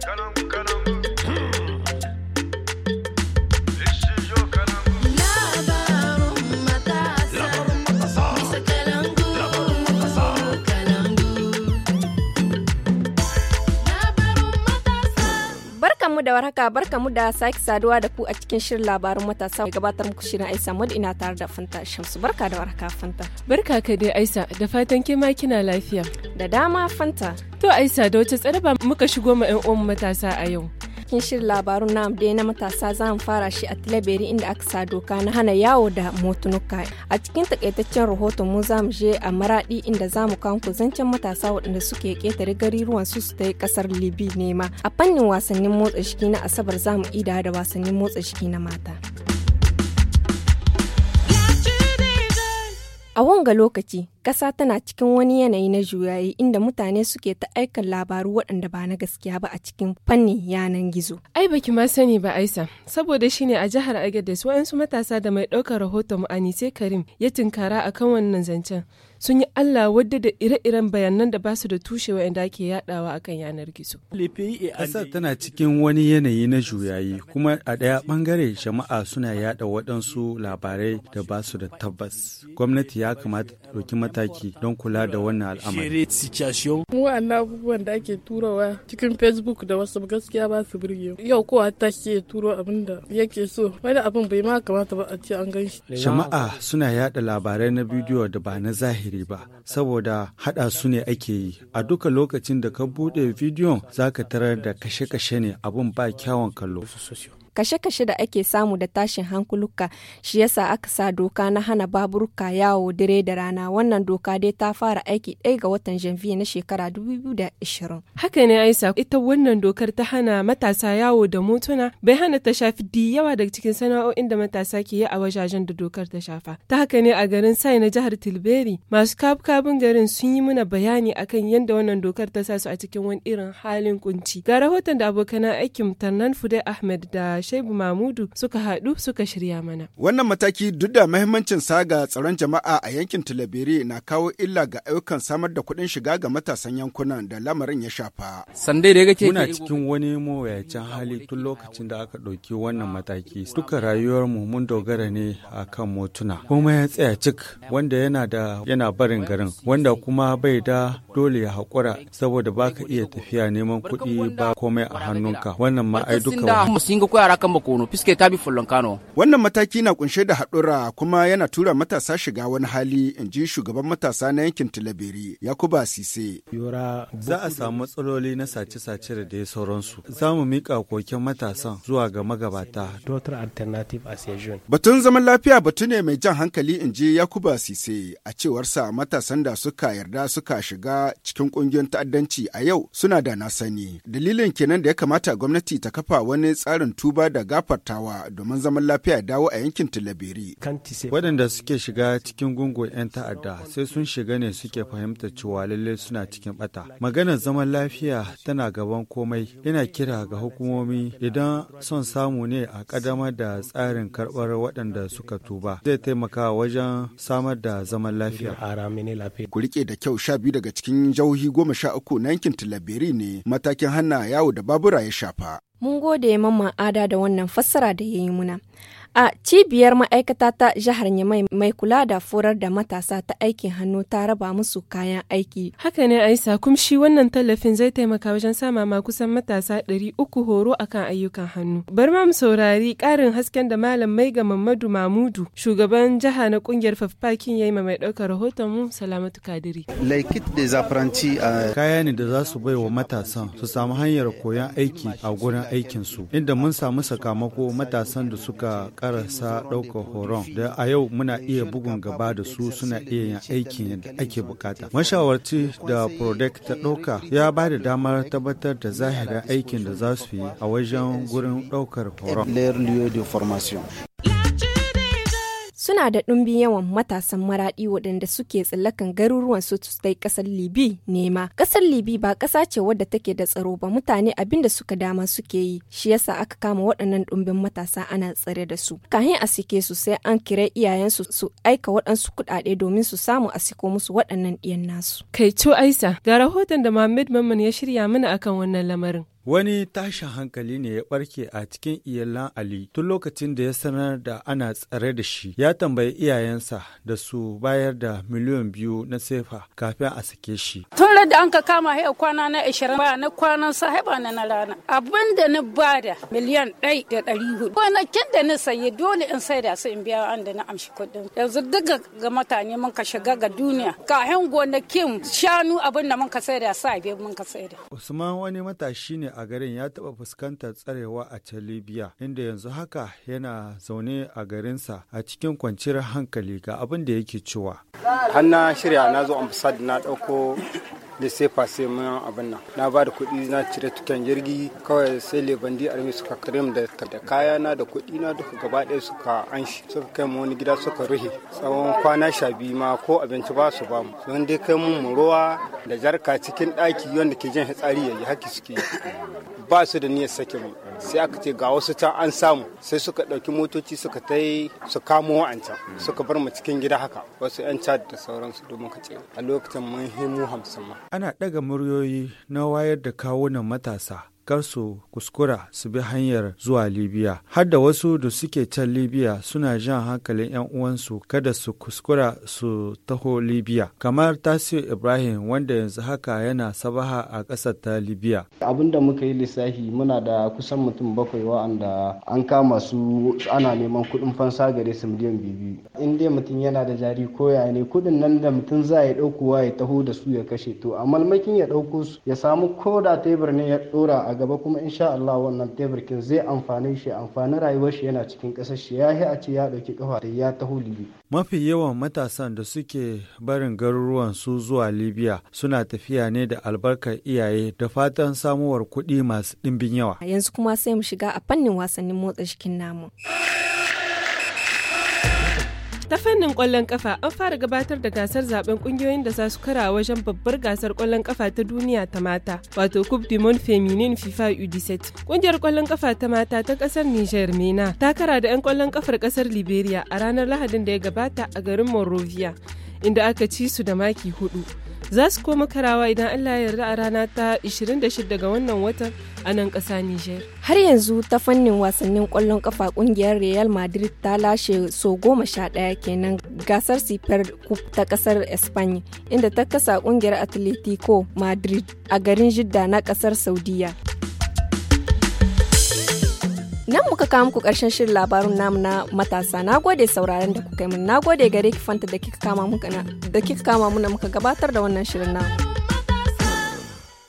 Turn on mu da warhaka kamu da sake saduwa da ku a cikin shirin labarin matasa mai gabatar muku shirin aisa Mod ina tare da Fanta Shamsu barka da warhaka Fanta. Barka ka dai aisa da fatan ke ma kina lafiya. Da dama Fanta. To aisa da wace tsarba muka shigo ma 'yan uwan matasa a yau. cikin shirin labarun nam da na matasa za mu fara shi a tilaberi inda aka sa doka na hana yawo da motunuka. A cikin takaitaccen rahoton mu za mu je a maradi inda za mu kawo zancen matasa waɗanda suke ƙetare gariruwan su su yi ƙasar Libi nema. A fannin wasannin motsa jiki na Asabar za mu ida da wasannin motsa jiki na mata. A wanga lokaci, ƙasa tana cikin wani yanayi na juyayi inda mutane suke ta aikan labaru waɗanda ba na gaskiya ba a cikin fannin yanan gizo. Ai baki ma sani ba Aisa, saboda shine a jihar Agadez waɗansu matasa da mai ɗaukar rahoton mu'ani sai Karim ya tinkara akan wannan zancen. sun yi Allah wadda da ire-iren bayanan da ba su da tushe waɗanda ake yadawa akan yanar gizo. Ƙasar tana cikin wani yanayi na juyayi kuma a ɗaya ɓangare jama'a suna yada waɗansu labarai da ba su da tabbas. Gwamnati ya kamata ta ɗauki mataki don kula da wannan al'amari. Mu abubuwan da ake turawa cikin Facebook da wasu gaskiya ba su birge. Yau kowa ta ke turo abin da yake so. Wani abin bai ma kamata ba a ce an gan shi. Jama'a suna yada labarai na bidiyo da ba na zahiri zahiri ba saboda hada su ne ake yi a duka lokacin da ka bude bidiyon za ka tarar da kashe-kashe ne abun ba kyawun kallo kashe-kashe da ake samu da tashin hankuluka shi yasa aka sa doka na hana baburka yawo dare da rana wannan doka dai ta fara aiki ɗaya ga watan janvier na shekara 2020 haka ne aisa ita wannan dokar ta hana matasa yawo da motuna bai hana ta shafi di yawa daga cikin sana'o'in da matasa ke yi a wajajen da dokar ta shafa ta haka ne a garin sai na jihar tilberi masu kabkabin garin sun yi mana bayani akan yadda wannan dokar ta sa su a cikin wani irin halin kunci ga rahoton da abokan aikin tarnan fude ahmed da Shaibu Mamudu suka haɗu suka shirya mana. Wannan mataki duk da mahimmancin sa ga tsaron jama'a a yankin Tilabiri na kawo illa ga ayyukan samar da kuɗin shiga ga matasan yankunan da lamarin ya shafa. Sandai da kake muna cikin wani mawuyacin hali tun lokacin da aka ɗauki wannan mataki. Duka rayuwar mu mun dogara ne akan motuna. Kuma ya tsaya cik wanda yana da yana barin garin wanda kuma bai da dole ya haƙura saboda baka iya tafiya neman kuɗi ba komai a hannunka. Wannan ma ai duka yara kan makono fiske tabi fullon kano. Wannan mataki na kunshe da haɗura kuma yana tura matasa shiga wani hali in ji shugaban matasa na yankin tilabiri Yakuba Sise. Za a samu matsaloli na sace-sace da ya sauransu. Za mu miƙa koken matasan zuwa ga magabata. Batun zaman lafiya batu ne mai jan hankali in ji Yakuba Sise a cewarsa matasan da suka yarda suka shiga cikin ƙungiyar ta'addanci a yau suna da na sani. Dalilin kenan da ya kamata gwamnati ta kafa wani tsarin tuba ba da gafartawa domin zaman lafiya ya dawo a yankin tilabiri Waɗanda suke shiga cikin gungun 'yan ta'adda sai sun shiga ne suke fahimtar cewa lallai suna cikin bata. Maganar zaman lafiya tana gaban komai yana kira ga hukumomi idan son samu ne a kadama da tsarin karɓar waɗanda suka tuba zai taimaka wajen samar da zaman lafiya. Ku riƙe da kyau sha biyu daga cikin jihohi goma sha uku na yankin tilabiri ne matakin hana yawo da babura ya shafa. Mun gode Mamman Ada da wannan fassara da ya yi muna. A cibiyar ma'aikata ta jihar Nyamai mai kula da furar da matasa ta aikin hannu ta raba musu kayan aiki. Haka ne Aisa kumshi wannan tallafin zai taimaka wajen sama ma kusan matasa ɗari uku horo akan ayyukan hannu. Bar ma mu saurari ƙarin hasken da Malam ga Mamadu Mamudu shugaban jiha na ƙungiyar Faffakin yi mai ɗaukar rahoton mu Salamatu Kadiri. Laikit da zafaranci a kaya ne da za su bai wa matasan su samu hanyar koyon aiki a gurin aikinsu inda mun samu sakamako matasan da suka karasa ɗaukar horon da a yau muna iya bugun gaba da su suna iya yin aikin da ake bukata. Mashawarci da Prodec ta ɗauka ya ba da damar tabbatar da zahirin aikin da za su yi a wajen gurin ɗaukar horon. suna da ɗumbin yawan matasan maraɗi waɗanda suke tsallakan garuruwan su kai ƙasar libi nema ƙasar libi ba ƙasa ce wadda take da tsaro ba mutane abin da suka dama suke yi shi yasa aka kama waɗannan ɗumbin matasa ana tsare da su kahin a sike su sai an kira iyayensu su aika waɗansu kuɗaɗe domin su samu a siko musu waɗannan ɗiyan nasu kai aisa ga rahoton da Muhammad Mamman ya shirya mana akan wannan lamarin Wani tashin hankali ne ya barke a cikin iyalan Ali tun lokacin da ya sanar da ana tsare da shi. Ya tambayi iyayensa da su bayar da miliyan biyu na sefa kafin a sake shi. Tun da an ka kama haya kwana na ashirin ba na kwanan sa haiba na na rana. Abin da na bada miliyan ɗai da ɗari hudu. Kwanakin da na sayi dole in sai da su in biya an da na amshi kuɗin. Yanzu duk ga mutane mun ka shiga ga duniya. Kahin gonakin shanu abin da mun ka sai da sa biyu mun ka sai da. Usman wani matashi ne a garin ya taɓa fuskantar tsarewa a can Libya, inda yanzu haka yana zaune a garinsa a cikin kwanciyar hankali ga abin da yake cewa. Hanna shirya na zo na ɗauko da sai mun abin nan na ba da kuɗi na cire tukan jirgi kawai sai lebandi armi suka karim da kaya na da kuɗi na duka gaba ɗaya suka anshi suka kai mu wani gida suka ruhe tsawon kwana sha biyu ma ko abinci ba su ba mu don dai kai mu ruwa da jarka cikin ɗaki wanda ke jan hitsari yayi haki suke ba su da niyyar sake mu sai aka ce ga wasu can an samu sai suka ɗauki motoci suka ta yi su kamo wa'ancan suka bar mu cikin gida haka wasu 'yan cad da sauransu domin ka ce a lokacin mun himu hamsin ma ana ɗaga muryoyi na wayar da kawunan matasa kar su kuskura su bi hanyar zuwa Libya. Har da wasu da suke can Libya suna jan hankalin 'yan uwansu kada su kuskura su taho Libya. Kamar tasir Ibrahim wanda yanzu haka yana sabaha a ƙasar ta Libya. Abin da muka yi lissafi muna da kusan mutum bakwai wa'anda an kama su ana neman kuɗin fansa gare su miliyan biyu. In dai mutum yana da jari ya ne kuɗin nan da mutum za ya ɗaukowa ya taho da su ya kashe to a malmakin ya ɗauko su ya samu ko da tebur ne ya ɗora a gaba kuma sha Allah wannan tebirkin zai amfane shi amfani rayuwar shi yana cikin ƙasar shi ya yi a ce ya ɗauki ƙafa da ya taho Libya. Mafi yawan matasan da suke barin garuruwan su zuwa Libya suna tafiya ne da albarkar iyaye da fatan samuwar kuɗi masu ɗimbin yawa. Yanzu kuma sai mu shiga a fannin wasannin motsa jikin namu. Ta fannin kwallon kafa an fara gabatar da gasar zaben kungiyoyin da za su kara wajen babbar gasar kwallon kafa ta duniya ta mata wato Coupe du Monde FIFA U17. Kungiyar kwallon kafa ta mata ta kasar Niger MENA ta kara da 'yan kwallon kafar kasar Liberia a ranar Lahadin da ya gabata a garin Monrovia inda aka ci su da maki hudu. za su koma karawa idan Allah ya yarda a rana ta 26 ga wannan watan a nan ƙasa Nijar. Har yanzu ta fannin wasannin ƙwallon kafa ƙungiyar Real Madrid ta lashe so goma sha ɗaya kenan gasar super cup ta ƙasar Espanya inda ta kasa ƙungiyar Atletico Madrid a garin Jidda na ƙasar Saudiya. Nan muka kawo muku ƙarshen shirin labarun namu na matasa. Na gode sauraron da kuka yi mun. Na gode gare ki fanta da kika kama muna muka gabatar da wannan shirin namu.